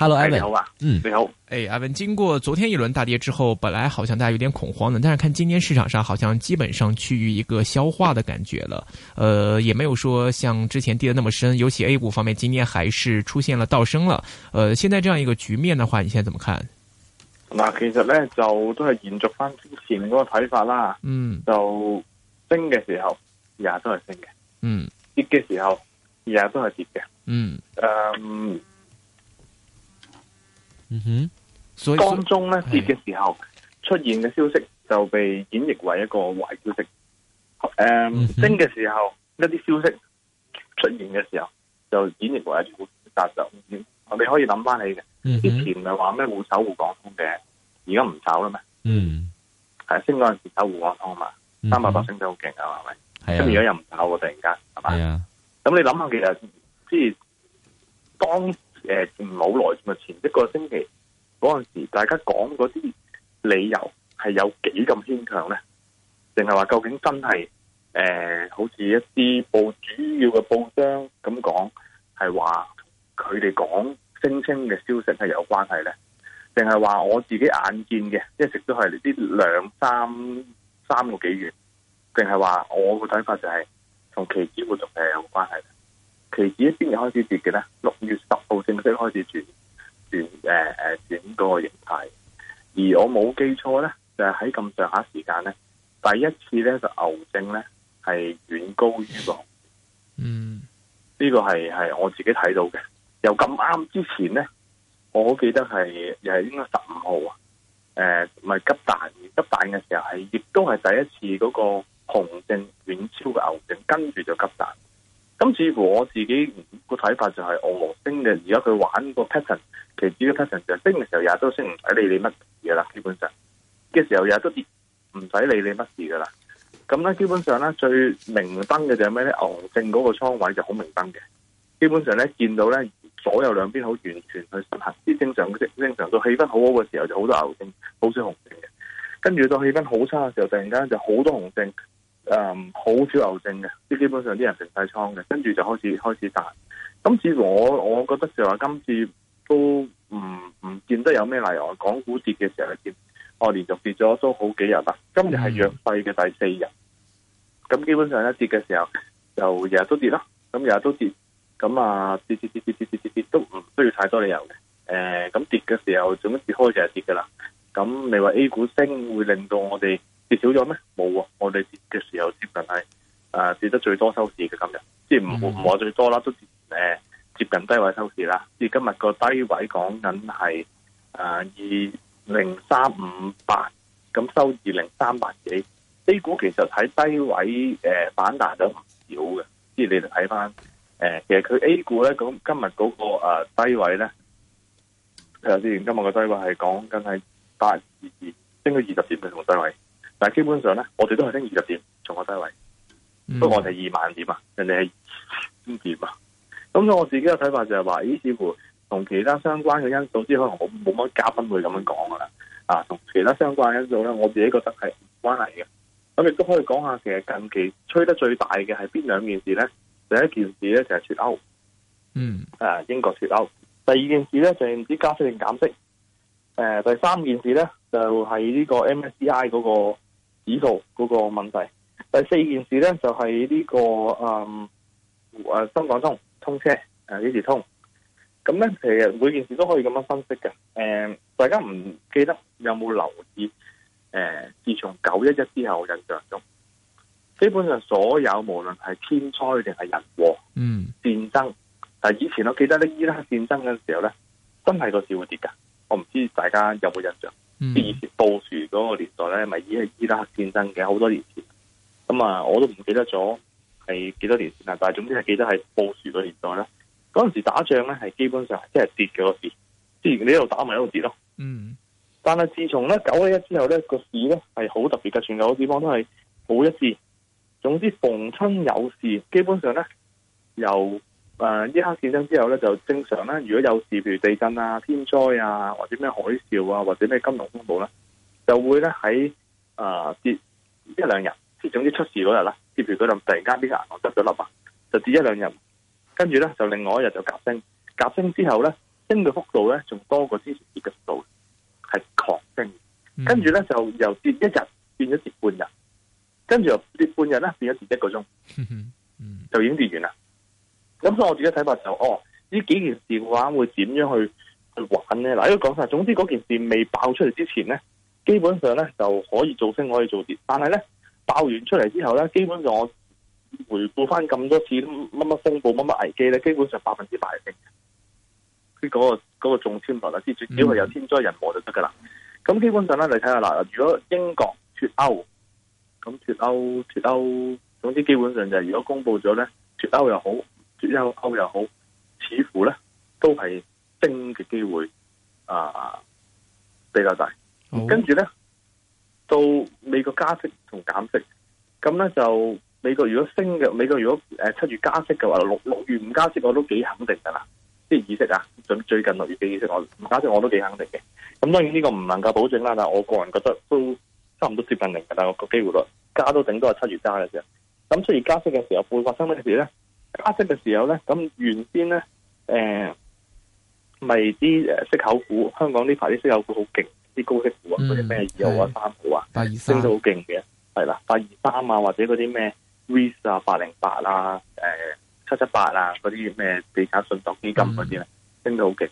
hello，Ivan 你好啊，嗯，你好，誒、欸，Ivan，經過昨天一輪大跌之後，本來好像大家有點恐慌的，但是看今天市場上好像基本上趨於一個消化的感覺了，呃，也沒有說像之前跌得那麼深，尤其 A 股方面，今天還是出現了倒升了，呃，現在這樣一個局面的話，你現在怎麼看？那其實呢，就都是延續翻之前嗰個睇法啦，嗯，就升嘅時候，也都係升嘅，嗯，跌嘅時候，也都係跌嘅，嗯，誒、嗯。嗯哼，當中咧，跌嘅時候的出現嘅消息就被演繹為一個壞消息，誒、um, mm -hmm. 升嘅時候，一啲消息出現嘅時候就演繹為一啲烏紗，就我哋可以諗翻起嘅，之、mm -hmm. 前咪話咩會守滬港通嘅，而家唔走啦咩？嗯、mm -hmm.，係升嗰陣時炒滬港通啊嘛，三百八升得好勁啊嘛，係咪？咁而家又唔炒喎，突然間係嘛？咁、yeah. 你諗下其實即係當。誒、呃，唔冇耐前一個星期嗰陣時，大家講嗰啲理由係有幾咁牽強咧？定係話究竟真係誒、呃，好似一啲報主，主要嘅報章咁講，係話佢哋講聲稱嘅消息係有關係咧？定係話我自己眼見嘅，一直都係呢啲兩三三個幾月？定係話我嘅睇法就係同期指會動係有關係。其期指邊日開始跌嘅咧？六月十號正式開始轉轉誒誒轉個形態。而我冇記錯咧，就喺咁上下時間咧，第一次咧就牛證咧係遠高於紅。嗯，呢個係係我自己睇到嘅。又咁啱之前咧，我好記得係又係應該十五號啊。誒，唔係急彈，急彈嘅時候係亦都係第一次嗰個紅證遠超嘅牛證，跟住就急彈。咁似乎我自己個睇法就係、是，牛熊證嘅而家佢玩個 pattern，其主要 pattern 就係升嘅時候，日日都升，唔使理你乜事啦，基本上嘅時候，日日都跌，唔使理你乜事噶啦。咁咧基本上咧最明燈嘅就係咩咧？牛熊證嗰個倉位就好明燈嘅。基本上咧見到咧左右兩邊好完全去執行，啲正常嘅正常，正常到氣氛好好嘅時候就好多牛證，好少熊證嘅。跟住到氣氛好差嘅時候，突然間就好多熊證。誒、嗯，好少牛證嘅，即基本上啲人平晒倉嘅，跟住就開始開始彈。咁似我我覺得就話今次都唔唔見得有咩例外。港股跌嘅時候咧跌，我連續跌咗都好幾日啦。今日係弱肺嘅第四日，咁、嗯、基本上咧跌嘅時候就日日都跌咯，咁日日都跌，咁啊，跌跌跌跌跌跌跌跌都唔需、嗯、要太多理由嘅。誒、呃，咁跌嘅時候總之開就係跌噶啦。咁你話 A 股升會令到我哋？跌少咗咩？冇啊！我哋跌嘅時候接近係誒跌得最多收市嘅今日，即係唔唔話最多啦，都誒接近低位收市啦。即係今日個低位講緊係誒二零三五八，咁收二零三八幾。A 股其實喺低位誒反彈咗唔少嘅，即係你哋睇翻誒，其實佢 A 股咧咁今日嗰個誒低位咧，佢頭先。今日個低位係講緊係八二二，應該二十點嘅個低位。但係基本上咧，我哋都係升二十點，從個低位，嗯、不過我哋二萬點啊，人哋係千點啊。咁所以我自己嘅睇法就係話，咦，似乎同其他相關嘅因素，之可能我冇乜嘉賓會咁樣講噶啦。啊，同其他相關的因素咧，我自己覺得係關係嘅。咁亦都可以講下，其實近期吹得最大嘅係邊兩件事咧？第一件事咧就係脫歐，嗯，誒、啊，英國脫歐。第二件事咧就係唔知加息定減息。誒、呃，第三件事咧就係、是、呢個 MSCI 嗰、那個。指數嗰個問題，第四件事咧就係呢個嗯誒，深港通通車誒，幾時通？咁咧其實每件事都可以咁樣分析嘅。誒，大家唔記得有冇留意？誒，自從九一一之後，印象中基本上所有無論係天災定係人禍，嗯，戰爭。但以前我記得咧伊拉克戰爭嘅時候咧，真係個市會跌噶。我唔知大家有冇印象。以前布殊嗰個年代咧，咪已經係伊拉克戰爭嘅，好多年前。咁啊，我都唔記得咗係幾多年前啦，但係總之係記得係布殊嘅年代啦。嗰陣時打仗咧係基本上即係跌嘅個市，即係你一路打埋一路跌咯。嗯，嗯。但係自從咧九一一之後咧，個市咧係好特別嘅，全球個地方都係好一致。總之逢親有事，基本上咧又。誒、呃，呢場戰爭之後咧，就正常啦。如果有事，譬如地震啊、天災啊，或者咩海嘯啊，或者咩金融風暴咧，就會咧喺誒跌一兩日，即係總之出事嗰日啦。譬如嗰陣突然間啲銀行跌咗粒啊，就跌一兩日，跟住咧就另外一日就夾升，夾升之後咧升嘅幅度咧仲多過之前跌嘅幅度，係狂升。跟住咧就由跌一日變咗跌半日，跟住又跌半日咧變咗跌一個鐘，嗯嗯就已經跌完啦。咁所以我自己睇法就是，哦，呢幾件事嘅話會點樣去去玩咧？嗱，應該講晒。總之嗰件事未爆出嚟之前咧，基本上咧就可以做升，可以做跌。但係咧，爆完出嚟之後咧，基本上我回顧翻咁多次乜乜風暴、乜乜危機咧，基本上百分之百係升。佢、那、嗰個嗰、那個中簽台啦，即係只要有天災人禍就得噶啦。咁、嗯、基本上咧，你睇下嗱，如果英國脫歐，咁脫歐脫歐，總之基本上就係如果公布咗咧，脫歐又好。又歐又好，似乎咧都係升嘅機會啊、呃、比較大。Oh. 跟住咧到美國加息同減息，咁咧就美國如果升嘅，美國如果誒、呃、七月加息嘅話，六六月唔加息我都幾肯定噶啦，即係意識啊。最最近六月嘅意識，我唔加息我都幾肯定嘅。咁當然呢個唔能夠保證啦，但係我個人覺得都差唔多接近零噶啦。我個機會率加都頂多係七月加嘅時候。咁七月加息嘅時候會發生咩事咧？加息嘅時候咧，咁原先咧，誒、呃，咪啲誒息口股，香港呢排啲息口股好勁，啲高息股啊，嗰啲咩二號啊、三股啊，升得好勁嘅，係啦，八二三啊，或者嗰啲咩 V 啊、八零八啊，誒七七八啊，嗰啲咩地產信託基金嗰啲咧，升得好勁。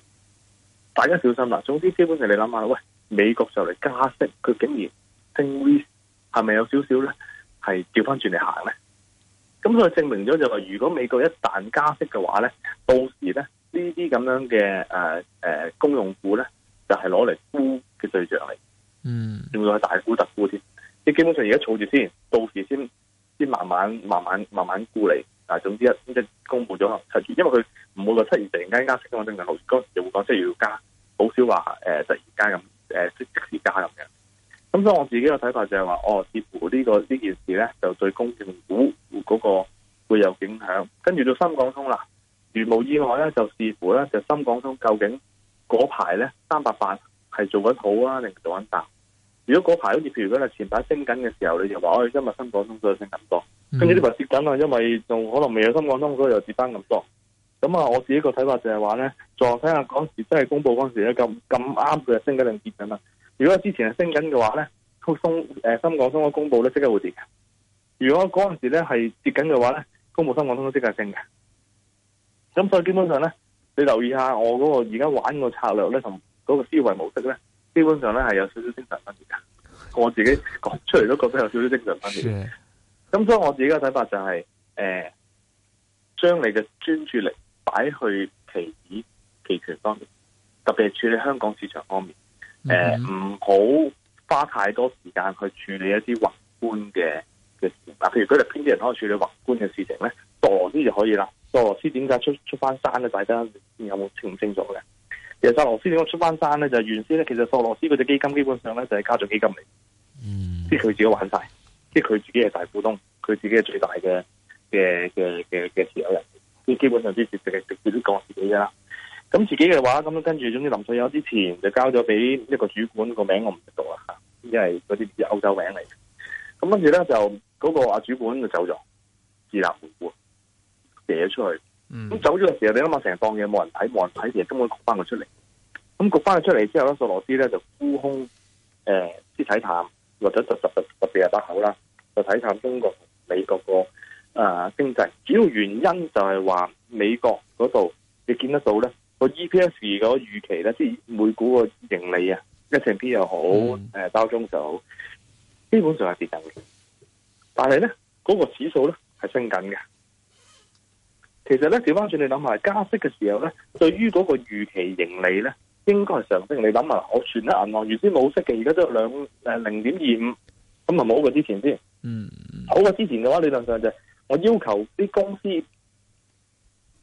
大家小心啦，總之基本上你諗下，喂，美國就嚟加息，佢竟然升 V，係咪有少少咧？係掉返轉嚟行咧？咁佢證明咗就話，如果美國一旦加息嘅話咧，到時咧呢啲咁樣嘅誒誒公用股咧，就係攞嚟沽嘅對象嚟，嗯，仲要係大沽特沽添。即基本上而家儲住先，到時先先慢慢慢慢慢慢沽嚟。但係總之一即公布咗啦，出現，因為佢唔會話出現突然間加息嘅嘛，正如我剛才會講，即係要加，好少話誒、呃、突然間咁誒即即時加入嘅。咁所以我自己個睇法就係話，哦，似乎呢、這個呢件事咧就對公用股嗰個會有影響。跟住到深港通啦，如無意外咧，就視乎，咧就深港通究竟嗰排咧三百八係做緊好啊，定做緊淡？如果嗰排好似譬如嗰日前排升緊嘅時候，你就話哦，今日深港通再升咁多，嗯、跟住呢排跌緊啊，因為仲可能未有深港通嗰度又跌翻咁多。咁啊，我自己個睇法就係話咧，再睇下嗰時真係公布嗰時咧咁咁啱，佢又升緊定跌緊啦。如果之前係升緊嘅話咧，鬆誒，深港通嘅公布咧，即刻會跌嘅。如果嗰陣時咧係跌緊嘅話咧，公布深港通咧即刻升嘅。咁所以基本上咧，你留意下我嗰個而家玩個策略咧，同嗰個思維模式咧，基本上咧係有少少精神分裂。我自己講出嚟都覺得有少少精神分裂。咁所以我自己嘅睇法就係、是，誒、呃，將你嘅專注力擺去期指、期權方面，特別係處理香港市場方面。誒、mm -hmm. 呃，唔好花太多時間去處理一啲宏觀嘅嘅事。嗱，譬如佢哋邊啲人可以處理宏觀嘅事情咧？索羅斯就可以啦。索羅斯點解出出翻山咧？大家有冇清唔清楚嘅？其實索羅斯點解出翻山咧，就係、原先咧，其實索羅斯嗰隻基金基本上咧就係家族基金嚟。嗯，即係佢自己玩晒，即係佢自己係大股東，佢自己係最大嘅嘅嘅嘅嘅持有人，即係基本上啲事直直直接講自己噶啦。就是自己自己咁自己嘅話，咁跟住總之林翠友之前就交咗俾一個主管，個名我唔識讀啦吓，因為嗰啲歐洲名嚟。咁跟住咧就嗰個阿主管就走咗，自立門戶，咗出去。咁、嗯、走咗嘅時候，你諗下成檔嘢冇人睇，冇人睇嘅，根本焗翻佢出嚟。咁焗翻佢出嚟之後咧，索羅斯咧就沽空誒，即係睇探，或者特特別係把口啦，就睇探中國、美國個誒、呃、經濟。主要原因就係話美國嗰度你見得到咧。那 EPS 那個 EPS 個預期咧，即係每股個盈利啊，一成 P 又好，誒、嗯、包裝就好，基本上係跌緊嘅。但係咧，嗰、那個指數咧係升緊嘅。其實咧，調翻轉你諗下，加息嘅時候咧，對於嗰個預期盈利咧，應該係上升。你諗下，我算一下銀行原先冇息嘅，而家都有兩誒零點二五，咁啊冇過之前先。嗯，好過之前嘅話，理論上就是、我要求啲公司。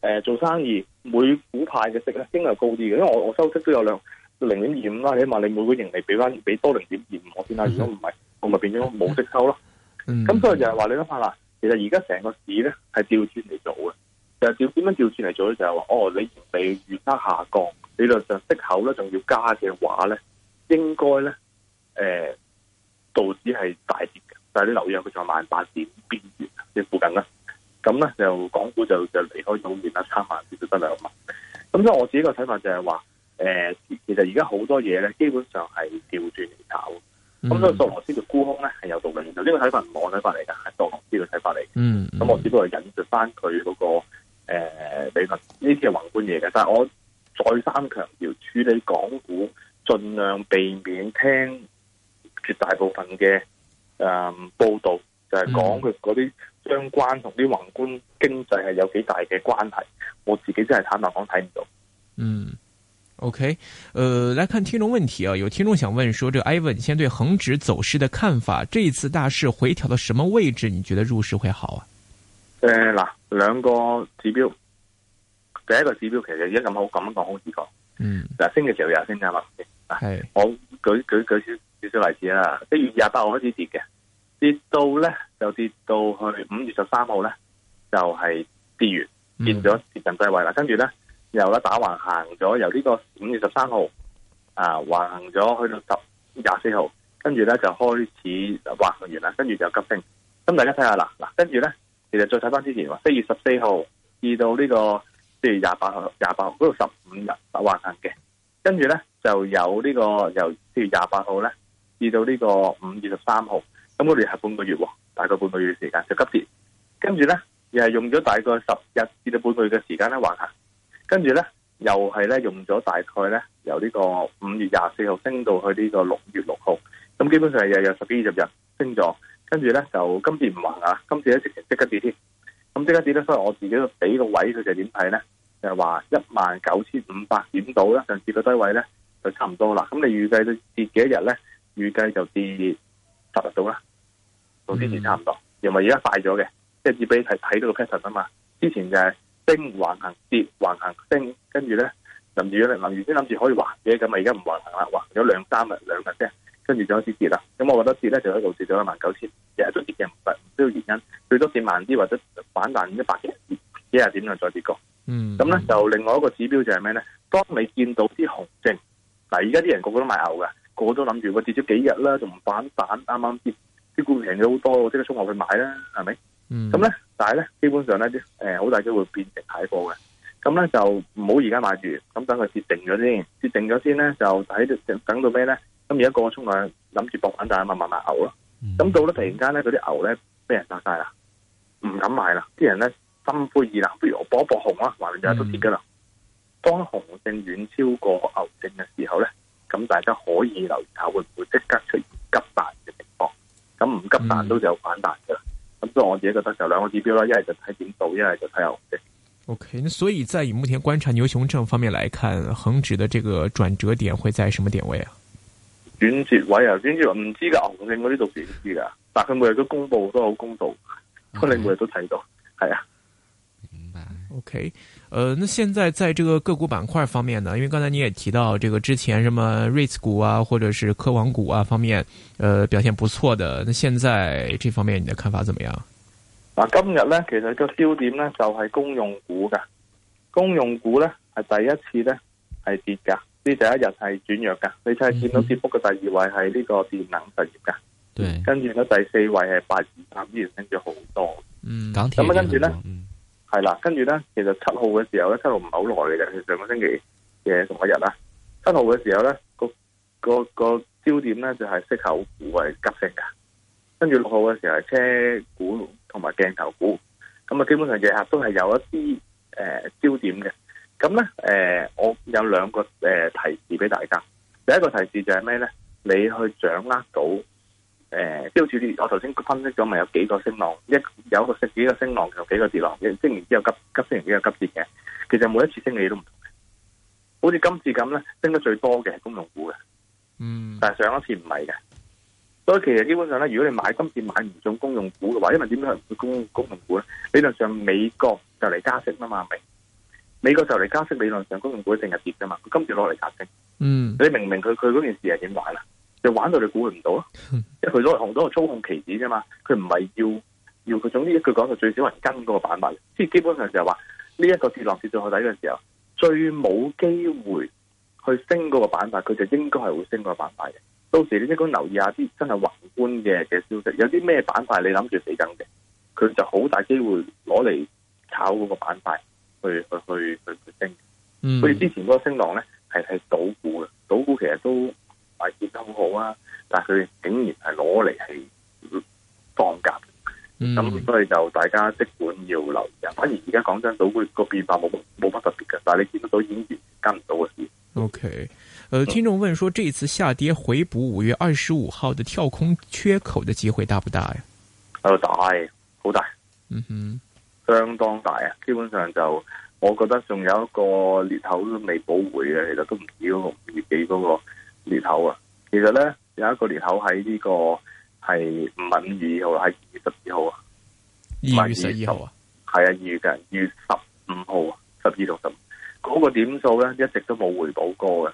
誒，做生意每股派嘅息咧，應該係高啲嘅，因為我我收息都有兩，零點二五啦，起碼你每個盈利俾翻俾多零點二五我先啦，如果唔係我咪變咗冇息收咯。咁、嗯嗯、所以就係話你諗下啦，其實而家成個市咧係調轉嚟做嘅，就點點樣調轉嚟做咧？就係話哦，你你月息下降，理論上息口咧仲要加嘅話咧，應該咧誒，道指係大跌嘅，但係你留意啊，佢仲有萬八點邊緣即附近啦。咁咧就港股就就離開到面啦，差下先都得兩萬。咁所以我自己個睇法就係話，誒、呃、其實而家好多嘢咧，基本上係調轉嚟搞。咁所以索羅斯嘅沽空咧係有道理嘅。呢個睇法唔係我睇法嚟㗎，係索羅斯嘅睇法嚟。嗯。咁我只不過引述翻佢嗰個理論，呢啲係宏觀嘢嘅。但、嗯、係我再三強調，處理港股盡量避免聽絕大部分嘅誒、嗯、報道，就係、是、講佢嗰啲。相關同啲宏觀經濟係有幾大嘅關係，我自己真係坦白講睇唔到。嗯，OK，誒，嚟、呃、看聽眾問題啊，有聽眾想問說，這個 Ivan 先對恒指走勢的看法，這一次大市回調到什麼位置？你覺得入市會好啊？誒，嗱，兩個指標，第一個指標其實而家咁好咁樣講好易講，嗯，嗱，星期六日星期六日係嘛？係，我舉舉舉少少例子啦，一月廿八號開始跌嘅，跌到咧。就跌到去五月十三號咧，就係、是、跌完，變咗接近低位啦。跟住咧，又咧打橫行咗，由呢個五月十三號啊，橫行咗去到十廿四號，跟住咧就開始橫行完啦，跟住就急升。咁大家睇下啦，嗱，跟住咧，其實再睇翻之前喎，四月十四號至到個呢個四月廿八號，廿八號度十五日打橫行嘅，跟住咧就有、這個、由呢個由四月廿八號咧至到呢個五月十三號，咁嗰度係半個月。大概半個月的時間就急跌，跟住咧又係用咗大概十日至到半個月嘅時間咧橫行，跟住咧又係咧用咗大概咧由呢個五月廿四號升到去呢個六月六號，咁基本上係又有十幾二十日升咗，跟住咧就今次唔橫行啊，今次一直情跌緊字添，咁即刻跌咧，所以我自己個俾個位佢就點睇咧，就係話一萬九千五百點到啦，上次嘅低位咧就差唔多啦，咁你預計到跌幾多日咧？預計就跌十日到啦。同之前差唔多，因為而家快咗嘅，即係只俾你睇到個 pattern 啊嘛。之前就係升橫行、跌橫行、升，跟住咧諗住咧諗住先諗住可以橫嘅，咁啊而家唔橫行啦，橫咗兩三日兩日啫，跟住就開始跌啦。咁我覺得跌咧就喺度跌咗一萬九千，日日都跌嘅，唔唔使要原因，最多跌萬啲或者反彈一百幾幾日點啊樣，再跌過。嗯，咁、嗯、咧就另外一個指標就係咩咧？當你見到啲紅證，嗱，而家啲人個個都買牛嘅，個個都諗住我跌咗幾日啦，仲唔反彈？啱啱跌。啲股平咗好多，即刻沖落去買啦，係咪？咁、嗯、咧，但係咧，基本上咧啲誒，好大機會變成睇貨嘅。咁咧就唔好而家買住，咁等佢跌定咗先，跌定咗先咧就睇，等到咩咧？咁而家個沖落諗住博反彈，但慢慢買牛咯。咁、嗯、到咧突然間咧，嗰啲牛咧，俾人殺晒啦？唔敢買啦！啲人咧心灰意冷，不如我搏一搏熊啦，橫掂又都跌噶啦。當熊性遠超過牛性嘅時候咧，咁大家可以留意下會唔會即刻出現急跌嘅情況。咁唔急彈都有反彈嘅，咁所以我自己覺得就兩個指標啦，一係就睇點做，一係就睇牛熊。O、okay, K，所以在以目前觀察牛熊證方面嚟看，恒指嘅這個轉折點會在什麼點位啊？轉折位啊，轉折位，唔知噶？牛熊證嗰啲到時先知噶，但係佢每日都公布，都好公道，佢、嗯、你每日都睇到，係啊。明白。O K。呃，那現在在這個個股板塊方面呢？因為剛才你也提到這個之前什麼瑞斯股啊，或者是科網股啊方面，呃，表現不錯的。那現在這方面你的看法怎麼樣？嗱，今日呢，其實個焦點呢，就係、是、公用股噶，公用股呢，係第一次呢，係跌噶，呢第一日係轉弱噶，你睇見到跌幅嘅第二位係呢個電能實業噶、嗯，對，跟住呢，第四位係八二三，依然升咗好多，嗯，港鐵啊，咁跟住呢。嗯係啦，跟住咧，其實七號嘅時候咧，七號唔係好耐嘅，其實上個星期嘅同一日啦。七號嘅時候咧，嗰嗰個、嗰個嗰個焦點咧就係、是、息口股係急升㗎，跟住六號嘅時候係車股同埋鏡頭股，咁啊基本上日日都係有一啲誒、呃、焦點嘅。咁咧誒，我有兩個誒、呃、提示俾大家，第一個提示就係咩咧？你去掌握到。誒，即係好似我頭先分析咗，咪有幾個升浪，一有一個升幾個升浪，然後幾個跌浪，升完之後急急升完之後急跌嘅。其實每一次升嘅嘢都唔同嘅，好似今次咁咧，升得最多嘅係公用股嘅，嗯，但係上一次唔係嘅。所以其實基本上咧，如果你買今次買唔中公用股嘅話，因為點解唔公用公用股咧？理論上美國就嚟加息啊嘛，明？美國就嚟加息理論，理論上公用股一定係跌噶嘛，佢今次攞嚟加息，嗯，你明唔明佢佢嗰件事係點解啦？ 就玩到你估佢唔到咯，因為佢攞嚟控，攞嚟操控期指啫嘛。佢唔係要要，佢總之一句講就最少人跟嗰個板塊，即係基本上就係話呢一個跌落跌到海底嘅時候，最冇機會去升嗰個板塊，佢就應該係會升嗰個板塊嘅。到時你應該留意下啲真係宏觀嘅嘅消息，有啲咩板塊你諗住死等嘅，佢就好大機會攞嚟炒嗰個板塊去去去去，去升。嗯，好 之前嗰個升浪咧，係係賭股嘅，賭股其實都。賣跌得好好啊，但佢竟然係攞嚟係放價，咁、嗯、所以就大家即管要留意啊。反而而家講真，到個變化冇冇乜特別嘅，但係你見得到已經跟唔到嘅。O K，誒，聽眾問說，這次下跌回補五月二十五號嘅跳空缺口嘅機會大不大呀、呃？大，好大，嗯哼，相當大啊！基本上就我覺得仲有一個裂口都未補回嘅，其實都唔止個五月幾個。裂口啊，其實咧有一個裂口喺呢個係五月二號，喺二十二號啊，二月十二號，啊、號啊，係啊二月嘅月十五號啊，十二到十，五個點數咧一直都冇回補過嘅，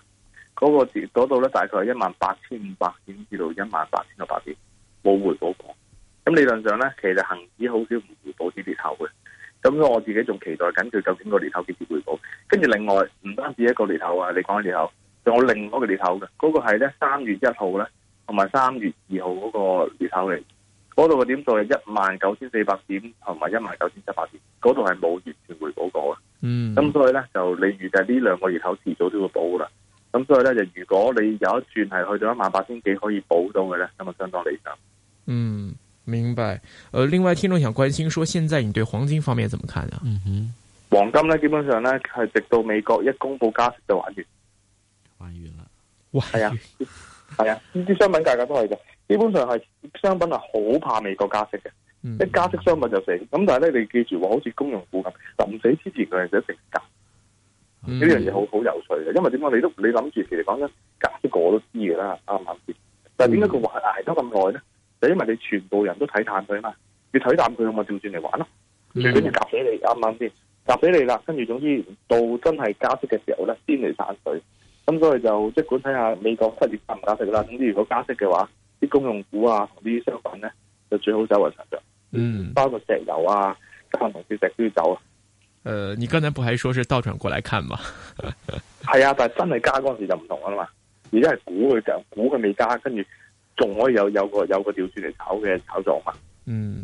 嗰、那個跌嗰度咧大概係一萬八千五百點至到一萬八千六百點，冇回補過。咁理論上咧，其實恒指好少唔回補啲裂口嘅，咁所以我自己仲期待緊佢究竟個裂口幾時回補。跟住另外唔單止一個裂口啊，你講裂口。就另嗰個裂口嘅嗰、嗰個係咧，三月一號咧同埋三月二號嗰個裂口嚟，嗰度嘅點數係一萬九千四百點同埋一萬九千七百點，嗰度係冇完全回補過嘅。嗯，咁所以咧就你預計呢兩個裂口遲早都會補噶啦。咁所以咧就如果你有一轉係去到一萬八千幾可以補到嘅咧，咁啊相當理想。嗯，明白。誒，另外聽眾想關心，說現在你對黃金方面怎麼看啊？嗯哼，黃金咧基本上咧係直到美國一公佈加息就玩完萬係啊，係啊，呢 啲商品價格都係嘅，基本上係商品係好怕美國加息嘅、嗯，一加息商品就死。咁、嗯、但係咧，你記住話，好似公用股咁，就唔使支持佢，就一直減。呢樣嘢好好有趣嘅，因為點解你都你諗住其實講緊減，加息我都知嘅啦，啱唔啱先？但係點解佢挨得咁耐咧？就因為你全部人都睇淡佢啊嘛，你睇淡佢，我咪調轉嚟玩咯，跟、嗯、住夾死你，啱唔啱先？夾死你啦，跟住總之到真係加息嘅時候咧，先嚟散水。咁所以就即管睇下美國失業加唔加息啦。總之如果加息嘅話，啲公用股啊同啲商品咧就最好走為上著。嗯，包括石油啊，加埋同啲石，石都要走。誒、呃，你剛才不還說是倒轉過嚟看嘛？係 啊，但係真係加嗰陣時就唔同啦嘛。而家係估佢嘅，估佢未加，跟住仲可以有有個有個調轉嚟炒嘅炒作嘛。嗯。